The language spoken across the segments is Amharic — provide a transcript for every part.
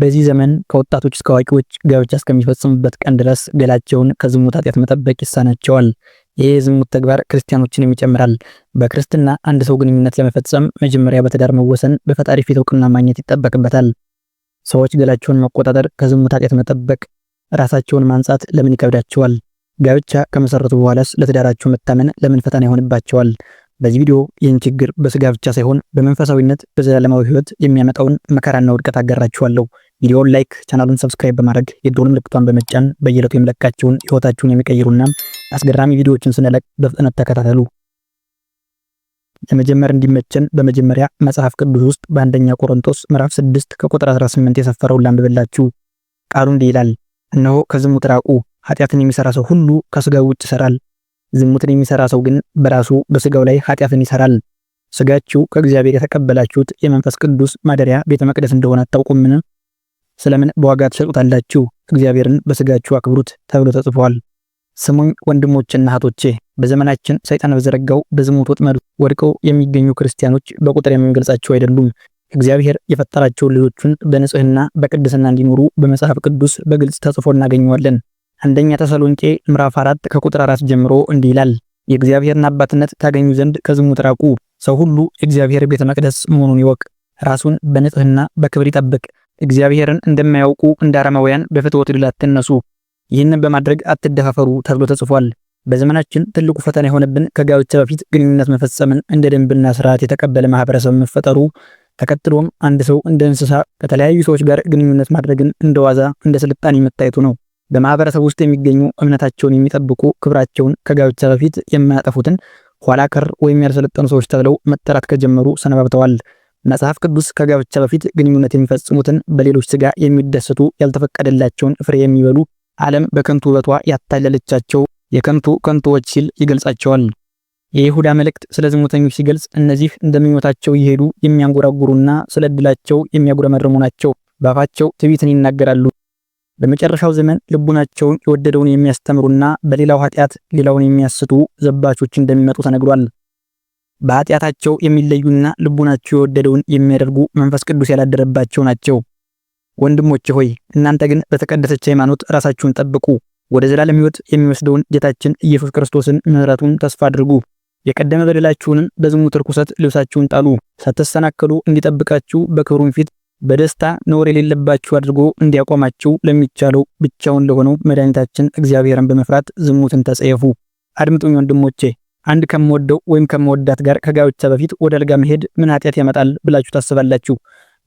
በዚህ ዘመን ከወጣቶች እስከ አዋቂዎች ጋብቻ እስከሚፈጽሙበት ቀን ድረስ ገላቸውን ከዝሙት ኃጢአት መጠበቅ ይሳናቸዋል። ይህ የዝሙት ተግባር ክርስቲያኖችንም ይጨምራል። በክርስትና አንድ ሰው ግንኙነት ለመፈጸም መጀመሪያ በትዳር መወሰን፣ በፈጣሪ ፊት እውቅና ማግኘት ይጠበቅበታል። ሰዎች ገላቸውን መቆጣጠር፣ ከዝሙት ኃጢአት መጠበቅ፣ ራሳቸውን ማንጻት ለምን ይከብዳቸዋል? ጋብቻ ከመሰረቱ በኋላስ ለትዳራቸው መታመን ለምን ፈተና ይሆንባቸዋል? በዚህ ቪዲዮ ይህን ችግር በስጋ ብቻ ሳይሆን በመንፈሳዊነት በዘላለማዊ ህይወት የሚያመጣውን መከራና ውድቀት አጋራችኋለሁ። ቪዲዮውን ላይክ፣ ቻናሉን ሰብስክራይብ በማድረግ የደወል ምልክቷን በመጫን በየዕለቱ የምለቃቸውን ህይወታችሁን የሚቀይሩና አስገራሚ ቪዲዮዎችን ስንለቅ በፍጥነት ተከታተሉ። ለመጀመር እንዲመቸን በመጀመሪያ መጽሐፍ ቅዱስ ውስጥ በአንደኛ ቆሮንቶስ ምዕራፍ 6 ከቁጥር 18 የሰፈረውን ላንብብላችሁ። ቃሉ እንዲህ ይላል፣ እነሆ ከዝሙት ራቁ፣ ኃጢአትን የሚሰራ ሰው ሁሉ ከስጋው ውጭ ይሰራል ዝሙትን የሚሰራ ሰው ግን በራሱ በስጋው ላይ ኃጢአትን ይሰራል። ስጋችሁ ከእግዚአብሔር የተቀበላችሁት የመንፈስ ቅዱስ ማደሪያ ቤተ መቅደስ እንደሆነ አታውቁምን? ስለምን በዋጋ ትሸጡታላችሁ? እግዚአብሔርን በስጋችሁ አክብሩት ተብሎ ተጽፏል። ስሙኝ ወንድሞችና እህቶቼ፣ በዘመናችን ሰይጣን በዘረጋው በዝሙት ወጥመድ ወድቀው የሚገኙ ክርስቲያኖች በቁጥር የምንገልጻቸው አይደሉም። እግዚአብሔር የፈጠራቸውን ልጆቹን በንጽህና በቅድስና እንዲኖሩ በመጽሐፍ ቅዱስ በግልጽ ተጽፎ እናገኘዋለን። አንደኛ ተሰሎንቄ ምዕራፍ 4 ከቁጥር 4 ጀምሮ እንዲህ ይላል፣ የእግዚአብሔርን አባትነት ታገኙ ዘንድ ከዝሙት ራቁ። ሰው ሁሉ እግዚአብሔር ቤተ መቅደስ መሆኑን ይወቅ፣ ራሱን በንጽህና በክብር ይጠብቅ። እግዚአብሔርን እንደማያውቁ እንደ አረማውያን በፍትወት ድል አትነሱ፣ ይህንን በማድረግ አትደፋፈሩ ተብሎ ተጽፏል። በዘመናችን ትልቁ ፈተና የሆነብን ከጋብቻ በፊት ግንኙነት መፈጸምን እንደ ደንብና ስርዓት የተቀበለ ማህበረሰብ መፈጠሩ ተከትሎም አንድ ሰው እንደ እንስሳ ከተለያዩ ሰዎች ጋር ግንኙነት ማድረግን እንደ ዋዛ እንደ ስልጣኔ መታየቱ ነው። በማህበረሰብ ውስጥ የሚገኙ እምነታቸውን የሚጠብቁ ክብራቸውን ከጋብቻ በፊት የማያጠፉትን ኋላ ቀር ወይም ያልሰለጠኑ ሰዎች ተብለው መጠራት ከጀመሩ ሰነባብተዋል። መጽሐፍ ቅዱስ ከጋብቻ በፊት ግንኙነት የሚፈጽሙትን፣ በሌሎች ስጋ የሚደሰቱ፣ ያልተፈቀደላቸውን ፍሬ የሚበሉ፣ ዓለም በከንቱ ውበቷ ያታለለቻቸው የከንቱ ከንቱዎች ሲል ይገልጻቸዋል። የይሁዳ መልእክት ስለ ዝሙተኞች ሲገልጽ እነዚህ እንደምኞታቸው እየሄዱ የሚያንጎራጉሩና ስለ ዕድላቸው የሚያጉረመርሙ ናቸው። በአፋቸው ትዕቢትን ይናገራሉ በመጨረሻው ዘመን ልቡናቸውን የወደደውን የሚያስተምሩና በሌላው ኃጢአት ሌላውን የሚያስቱ ዘባቾች እንደሚመጡ ተነግሯል። በኃጢአታቸው የሚለዩና ልቡናቸው የወደደውን የሚያደርጉ መንፈስ ቅዱስ ያላደረባቸው ናቸው። ወንድሞቼ ሆይ እናንተ ግን በተቀደሰች ሃይማኖት ራሳችሁን ጠብቁ፣ ወደ ዘላለም ሕይወት የሚወስደውን ጌታችን ኢየሱስ ክርስቶስን ምሕረቱን ተስፋ አድርጉ። የቀደመ በደላችሁንም በዝሙት ርኩሰት ልብሳችሁን ጣሉ፣ ሳትሰናከሉ እንዲጠብቃችሁ በክብሩን ፊት በደስታ ነውር የሌለባችሁ አድርጎ እንዲያቆማችሁ ለሚቻለው ብቻውን ለሆነው መድኃኒታችን እግዚአብሔርን በመፍራት ዝሙትን ተጸየፉ። አድምጡኝ ወንድሞቼ፣ አንድ ከምወደው ወይም ከምወዳት ጋር ከጋብቻ በፊት ወደ አልጋ መሄድ ምን ኃጢአት ያመጣል ብላችሁ ታስባላችሁ?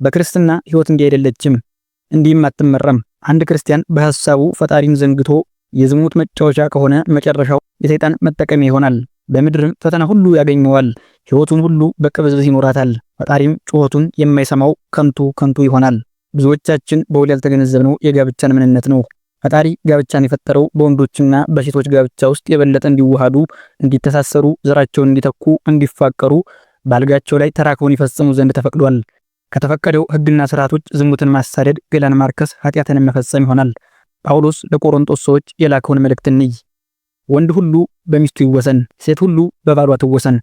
በክርስትና ሕይወት እንዲህ አይደለችም፣ እንዲህም አትመራም። አንድ ክርስቲያን በሐሳቡ ፈጣሪን ዘንግቶ የዝሙት መጫወቻ ከሆነ መጨረሻው የሰይጣን መጠቀሚያ ይሆናል። በምድርም ፈተና ሁሉ ያገኘዋል። ሕይወቱን ሁሉ በቅብዝብዝ ይኖራታል። ፈጣሪም ጩኸቱን የማይሰማው ከንቱ ከንቱ ይሆናል። ብዙዎቻችን በውል ያልተገነዘብነው የጋብቻን ምንነት ነው። ፈጣሪ ጋብቻን የፈጠረው በወንዶችና በሴቶች ጋብቻ ውስጥ የበለጠ እንዲዋሃዱ፣ እንዲተሳሰሩ፣ ዘራቸውን እንዲተኩ፣ እንዲፋቀሩ በአልጋቸው ላይ ተራክቦን ይፈጽሙ ዘንድ ተፈቅዷል። ከተፈቀደው ሕግና ስርዓቶች ዝሙትን ማሳደድ፣ ገላን ማርከስ፣ ኃጢአትን መፈጸም ይሆናል። ጳውሎስ ለቆሮንጦስ ሰዎች የላከውን መልእክት እንይ። ወንድ ሁሉ በሚስቱ ይወሰን፣ ሴት ሁሉ በባሏ ትወሰን፣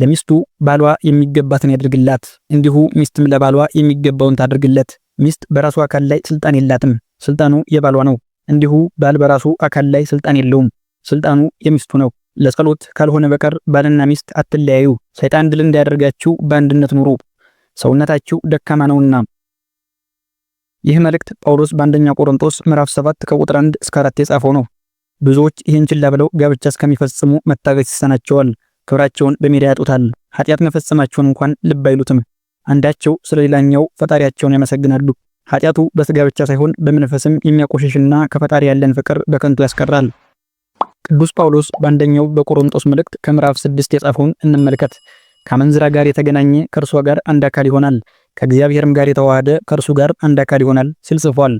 ለሚስቱ ባሏ የሚገባትን ያድርግላት፣ እንዲሁ ሚስትም ለባሏ የሚገባውን ታድርግለት። ሚስት በራሱ አካል ላይ ስልጣን የላትም፣ ስልጣኑ የባሏ ነው። እንዲሁ ባል በራሱ አካል ላይ ስልጣን የለውም፣ ስልጣኑ የሚስቱ ነው። ለጸሎት ካልሆነ በቀር ባልና ሚስት አትለያዩ። ሰይጣን ድል እንዳያደርጋችሁ በአንድነት ኑሩ፣ ሰውነታችሁ ደካማ ነውና። ይህ መልእክት ጳውሎስ በአንደኛ ቆሮንቶስ ምዕራፍ 7 ከቁጥር 1 እስከ 4 የጻፈው ነው። ብዙዎች ይህን ችላ ብለው ጋብቻ እስከሚፈጽሙ መታገስ ይሰናቸዋል። ክብራቸውን በሜዳ ያጡታል። ኃጢአት መፈጸማቸውን እንኳን ልብ አይሉትም። አንዳቸው ስለ ሌላኛው ፈጣሪያቸውን ያመሰግናሉ። ኃጢአቱ በስጋ ብቻ ሳይሆን በመንፈስም የሚያቆሽሽና ከፈጣሪ ያለን ፍቅር በከንቱ ያስቀራል። ቅዱስ ጳውሎስ በአንደኛው በቆሮንጦስ መልእክት ከምዕራፍ ስድስት የጻፈውን እንመልከት። ከአመንዝራ ጋር የተገናኘ ከእርሷ ጋር አንድ አካል ይሆናል፣ ከእግዚአብሔርም ጋር የተዋሃደ ከእርሱ ጋር አንድ አካል ይሆናል ሲል ጽፏል።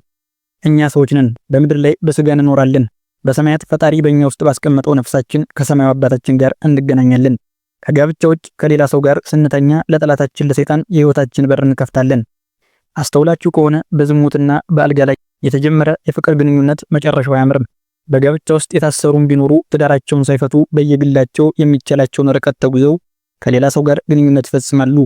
እኛ ሰዎች ነን፣ በምድር ላይ በስጋ እንኖራለን። በሰማያት ፈጣሪ በእኛ ውስጥ ባስቀመጠው ነፍሳችን ከሰማያዊ አባታችን ጋር እንገናኛለን። ከጋብቻ ውጭ ከሌላ ሰው ጋር ስንተኛ ለጠላታችን ለሰይጣን የህይወታችን በር እንከፍታለን። አስተውላችሁ ከሆነ በዝሙትና በአልጋ ላይ የተጀመረ የፍቅር ግንኙነት መጨረሻው አያምርም። በጋብቻ ውስጥ የታሰሩም ቢኖሩ ትዳራቸውን ሳይፈቱ በየግላቸው የሚቻላቸውን ርቀት ተጉዘው ከሌላ ሰው ጋር ግንኙነት ይፈጽማሉ።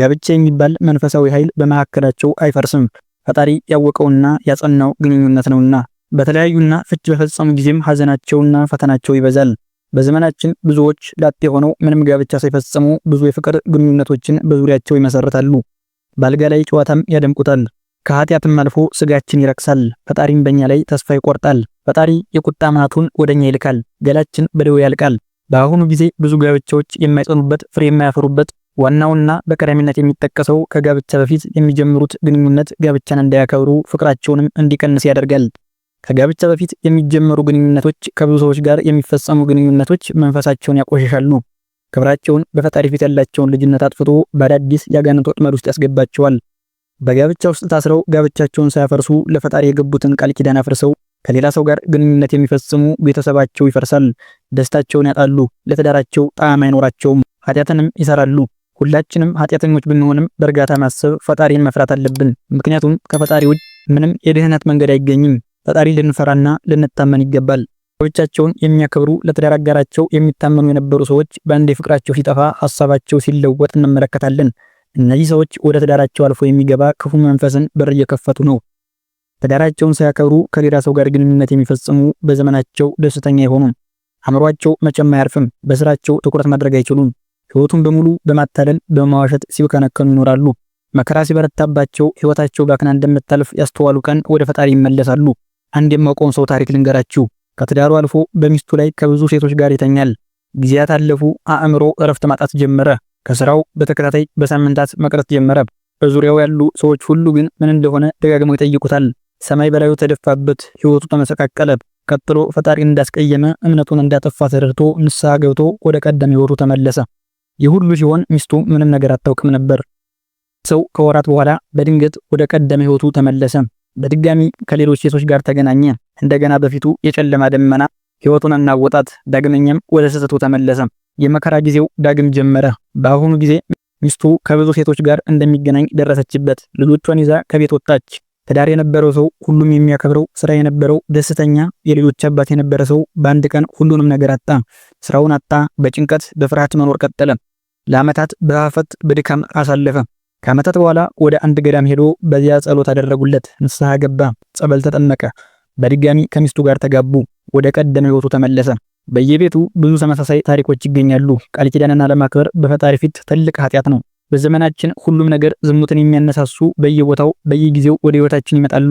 ጋብቻ የሚባል መንፈሳዊ ኃይል በመካከላቸው አይፈርስም። ፈጣሪ ያወቀውና ያጸናው ግንኙነት ነውና በተለያዩና ፍች በፈጸሙ ጊዜም ሐዘናቸውና ፈተናቸው ይበዛል። በዘመናችን ብዙዎች ላጤ ሆነው ምንም ጋብቻ ሳይፈጽሙ ብዙ የፍቅር ግንኙነቶችን በዙሪያቸው ይመሰረታሉ። ባልጋ ላይ ጨዋታም ያደምቁታል። ከኃጢአትም አልፎ ስጋችን ይረክሳል። ፈጣሪም በእኛ ላይ ተስፋ ይቆርጣል። ፈጣሪ የቁጣ ምናቱን ወደኛ ይልካል። ገላችን በደዌ ያልቃል። በአሁኑ ጊዜ ብዙ ጋብቻዎች የማይጸኑበት ፍሬ የማያፈሩበት ዋናውና በቀዳሚነት የሚጠቀሰው ከጋብቻ በፊት የሚጀምሩት ግንኙነት ጋብቻን እንዳያከብሩ ፍቅራቸውንም እንዲቀንስ ያደርጋል። ከጋብቻ በፊት የሚጀመሩ ግንኙነቶች ከብዙ ሰዎች ጋር የሚፈጸሙ ግንኙነቶች መንፈሳቸውን ያቆሸሻሉ። ክብራቸውን በፈጣሪ ፊት ያላቸውን ልጅነት አጥፍቶ በአዳዲስ የአጋንንት ወጥመድ ውስጥ ያስገባቸዋል። በጋብቻ ውስጥ ታስረው ጋብቻቸውን ሳያፈርሱ ለፈጣሪ የገቡትን ቃል ኪዳን አፍርሰው ከሌላ ሰው ጋር ግንኙነት የሚፈጽሙ ቤተሰባቸው ይፈርሳል፣ ደስታቸውን ያጣሉ፣ ለትዳራቸው ጣዕም አይኖራቸውም፣ ኃጢአትንም ይሰራሉ። ሁላችንም ኃጢአተኞች ብንሆንም በእርጋታ ማሰብ ፈጣሪን መፍራት አለብን። ምክንያቱም ከፈጣሪ ውጭ ምንም የድህነት መንገድ አይገኝም። ፈጣሪ ልንፈራና ልንታመን ይገባል። ሰዎቻቸውን የሚያከብሩ ለትዳር አጋራቸው የሚታመኑ የነበሩ ሰዎች በአንዴ ፍቅራቸው ሲጠፋ ሀሳባቸው ሲለወጥ እንመለከታለን። እነዚህ ሰዎች ወደ ትዳራቸው አልፎ የሚገባ ክፉ መንፈስን በር እየከፈቱ ነው። ትዳራቸውን ሳያከብሩ ከሌላ ሰው ጋር ግንኙነት የሚፈጽሙ በዘመናቸው ደስተኛ አይሆኑም። አእምሯቸው መቼም አያርፍም። በስራቸው ትኩረት ማድረግ አይችሉም። ህይወቱን በሙሉ በማታለል በማዋሸት ሲብከነከኑ ይኖራሉ። መከራ ሲበረታባቸው ህይወታቸው ባክና እንደምታልፍ ያስተዋሉ ቀን ወደ ፈጣሪ ይመለሳሉ። አንድ የማውቀውን ሰው ታሪክ ልንገራችሁ። ከትዳሩ አልፎ በሚስቱ ላይ ከብዙ ሴቶች ጋር ይተኛል። ጊዜያት አለፉ። አእምሮ እረፍት ማጣት ጀመረ። ከስራው በተከታታይ በሳምንታት መቅረት ጀመረ። በዙሪያው ያሉ ሰዎች ሁሉ ግን ምን እንደሆነ ደጋግመው ይጠይቁታል። ሰማይ በላዩ ተደፋበት፣ ህይወቱ ተመሰቃቀለ። ቀጥሎ ፈጣሪ እንዳስቀየመ እምነቱን እንዳጠፋ ተረድቶ ንስሐ ገብቶ ወደ ቀደም ህይወቱ ተመለሰ። ይህ ሁሉ ሲሆን ሚስቱ ምንም ነገር አታውቅም ነበር። ሰው ከወራት በኋላ በድንገት ወደ ቀደመ ህይወቱ ተመለሰ። በድጋሚ ከሌሎች ሴቶች ጋር ተገናኘ። እንደገና በፊቱ የጨለማ ደመና ህይወቱን አናወጣት። ዳግመኛም ወደ ስህተቱ ተመለሰ። የመከራ ጊዜው ዳግም ጀመረ። በአሁኑ ጊዜ ሚስቱ ከብዙ ሴቶች ጋር እንደሚገናኝ ደረሰችበት። ልጆቿን ይዛ ከቤት ወጣች። ትዳር የነበረው ሰው፣ ሁሉም የሚያከብረው፣ ስራ የነበረው፣ ደስተኛ የልጆች አባት የነበረ ሰው በአንድ ቀን ሁሉንም ነገር አጣ። ስራውን አጣ። በጭንቀት በፍርሃት መኖር ቀጠለ። ለአመታት በሀፈት በድካም አሳለፈ። ከዓመታት በኋላ ወደ አንድ ገዳም ሄዶ በዚያ ጸሎት አደረጉለት። ንስሐ ገባ፣ ጸበል ተጠመቀ፣ በድጋሚ ከሚስቱ ጋር ተጋቡ፣ ወደ ቀደመ ህይወቱ ተመለሰ። በየቤቱ ብዙ ተመሳሳይ ታሪኮች ይገኛሉ። ቃል ኪዳንን አለማክበር በፈጣሪ ፊት ትልቅ ኃጢአት ነው። በዘመናችን ሁሉም ነገር ዝሙትን የሚያነሳሱ በየቦታው በየጊዜው ወደ ህይወታችን ይመጣሉ።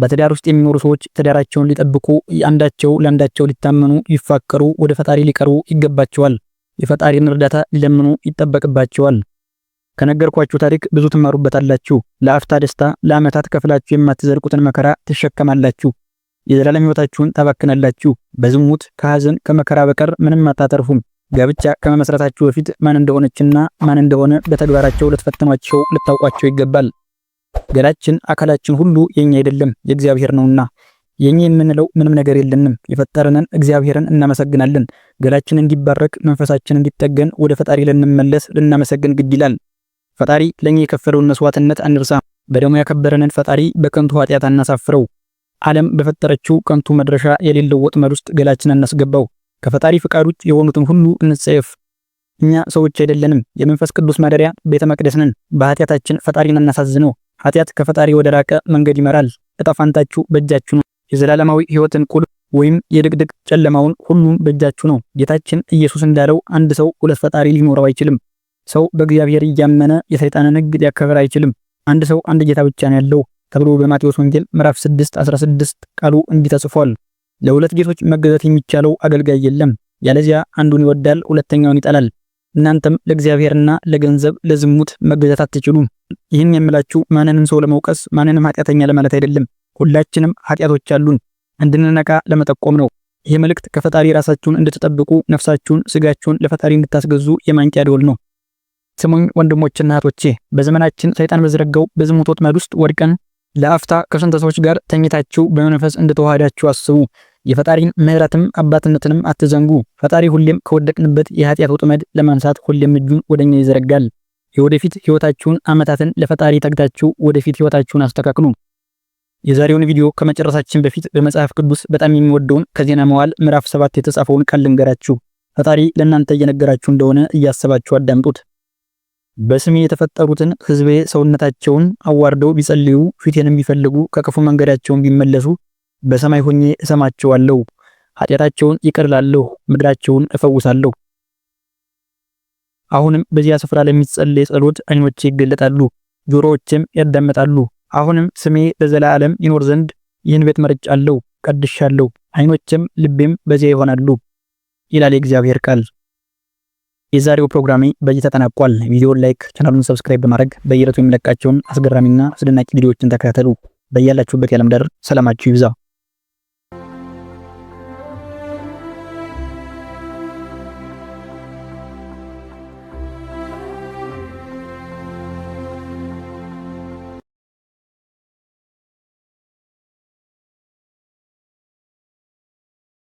በትዳር ውስጥ የሚኖሩ ሰዎች ትዳራቸውን ሊጠብቁ፣ አንዳቸው ለአንዳቸው ሊታመኑ፣ ሊፋቀሩ፣ ወደ ፈጣሪ ሊቀርቡ ይገባቸዋል። የፈጣሪን እርዳታ ሊለምኑ ይጠበቅባቸዋል። ከነገርኳችሁ ታሪክ ብዙ ትማሩበታላችሁ። ለአፍታ ደስታ፣ ለዓመታት ከፍላችሁ የማትዘልቁትን መከራ ትሸከማላችሁ። የዘላለም ሕይወታችሁን ታባክናላችሁ። በዝሙት ከሐዘን፣ ከመከራ በቀር ምንም አታተርፉም። ጋብቻ ከመመስረታችሁ በፊት ማን እንደሆነችና ማን እንደሆነ በተግባራቸው ልትፈትኗቸው፣ ልታውቋቸው ይገባል። ገላችን፣ አካላችን ሁሉ የኛ አይደለም የእግዚአብሔር ነውና የኛ የምንለው ምንም ነገር የለንም። የፈጠረንን እግዚአብሔርን እናመሰግናለን። ገላችን እንዲባረክ፣ መንፈሳችን እንዲጠገን፣ ወደ ፈጣሪ ልንመለስ ልናመሰግን ግድ ይላል። ፈጣሪ ለእኛ የከፈለውን መስዋዕትነት አንርሳ። በደሙ ያከበረንን ፈጣሪ በከንቱ ኃጢአት አናሳፍረው። ዓለም በፈጠረችው ከንቱ መድረሻ የሌለው ወጥመድ ውስጥ ገላችን አናስገባው። ከፈጣሪ ፍቃድ ውጭ የሆኑትን ሁሉ እንጸየፍ። እኛ ሰዎች አይደለንም፣ የመንፈስ ቅዱስ ማደሪያ ቤተ መቅደስ ነን። በኃጢአታችን ፈጣሪን አናሳዝነው። ኃጢአት ከፈጣሪ ወደ ራቀ መንገድ ይመራል። እጣ በእጃችሁ ነው። የዘላለማዊ ሕይወትን ቁልፍ ወይም የድቅድቅ ጨለማውን ሁሉም በእጃችሁ ነው። ጌታችን ኢየሱስ እንዳለው አንድ ሰው ሁለት ፈጣሪ ሊኖረው አይችልም። ሰው በእግዚአብሔር እያመነ የሰይጣንን ሕግ ሊያከብር አይችልም። አንድ ሰው አንድ ጌታ ብቻ ነው ያለው ተብሎ በማቴዎስ ወንጌል ምዕራፍ 6 16 ቃሉ እንዲህ ተጽፏል። ለሁለት ጌቶች መገዛት የሚቻለው አገልጋይ የለም፣ ያለዚያ አንዱን ይወዳል፣ ሁለተኛውን ይጠላል። እናንተም ለእግዚአብሔርና ለገንዘብ ለዝሙት መገዛት አትችሉም። ይህን የምላችሁ ማንንም ሰው ለመውቀስ ማንንም ኃጢአተኛ ለማለት አይደለም። ሁላችንም ኃጢአቶች አሉን፣ እንድንነቃ ለመጠቆም ነው። ይህ መልእክት ከፈጣሪ ራሳችሁን እንድትጠብቁ ነፍሳችሁን፣ ስጋችሁን ለፈጣሪ እንድታስገዙ የማንቂያ ደወል ነው። ስሙኝ ወንድሞችና እህቶቼ በዘመናችን ሰይጣን በዘረጋው በዝሙት ወጥመድ ውስጥ ወድቀን ለአፍታ ከስንት ሰዎች ጋር ተኝታችሁ በመንፈስ እንደተዋሃዳችሁ አስቡ። የፈጣሪን ምሕረትም አባትነትንም አትዘንጉ። ፈጣሪ ሁሌም ከወደቅንበት የኃጢአት ወጥመድ ለማንሳት ሁሌም እጁን ወደኛ ይዘረጋል። የወደፊት ህይወታችሁን ዓመታትን ለፈጣሪ ተግታችሁ ወደፊት ህይወታችሁን አስተካክሉ። የዛሬውን ቪዲዮ ከመጨረሳችን በፊት በመጽሐፍ ቅዱስ በጣም የሚወደውን ከዜና መዋዕል ምዕራፍ ሰባት የተጻፈውን ቃል ልንገራችሁ። ፈጣሪ ለእናንተ እየነገራችሁ እንደሆነ እያሰባችሁ አዳምጡት። በስሜ የተፈጠሩትን ሕዝቤ ሰውነታቸውን አዋርደው ቢጸልዩ ፊቴንም የሚፈልጉ ከክፉ መንገዳቸውን ቢመለሱ በሰማይ ሆኜ እሰማቸዋለሁ፣ ኃጢአታቸውን ይቅር ምድራቸውን እፈውሳለሁ። አሁንም በዚያ ስፍራ ለሚጸለይ ጸሎት ዓይኖቼ ይገለጣሉ፣ ጆሮዎችም ያዳምጣሉ። አሁንም ስሜ ለዘላለም ይኖር ዘንድ ይህን ቤት መርጫለሁ፣ ቀድሻለሁ፣ ዓይኖችም ልቤም በዚያ ይሆናሉ ይላል የእግዚአብሔር ቃል። የዛሬው ፕሮግራሜ በዚህ ተጠናቋል። ቪዲዮን ላይክ፣ ቻናሉን ሰብስክራይብ በማድረግ በየዕለቱ የሚለቃቸውን አስገራሚና አስደናቂ ቪዲዮዎችን ተከታተሉ። በያላችሁበት የዓለም ዳር ሰላማችሁ ይብዛ።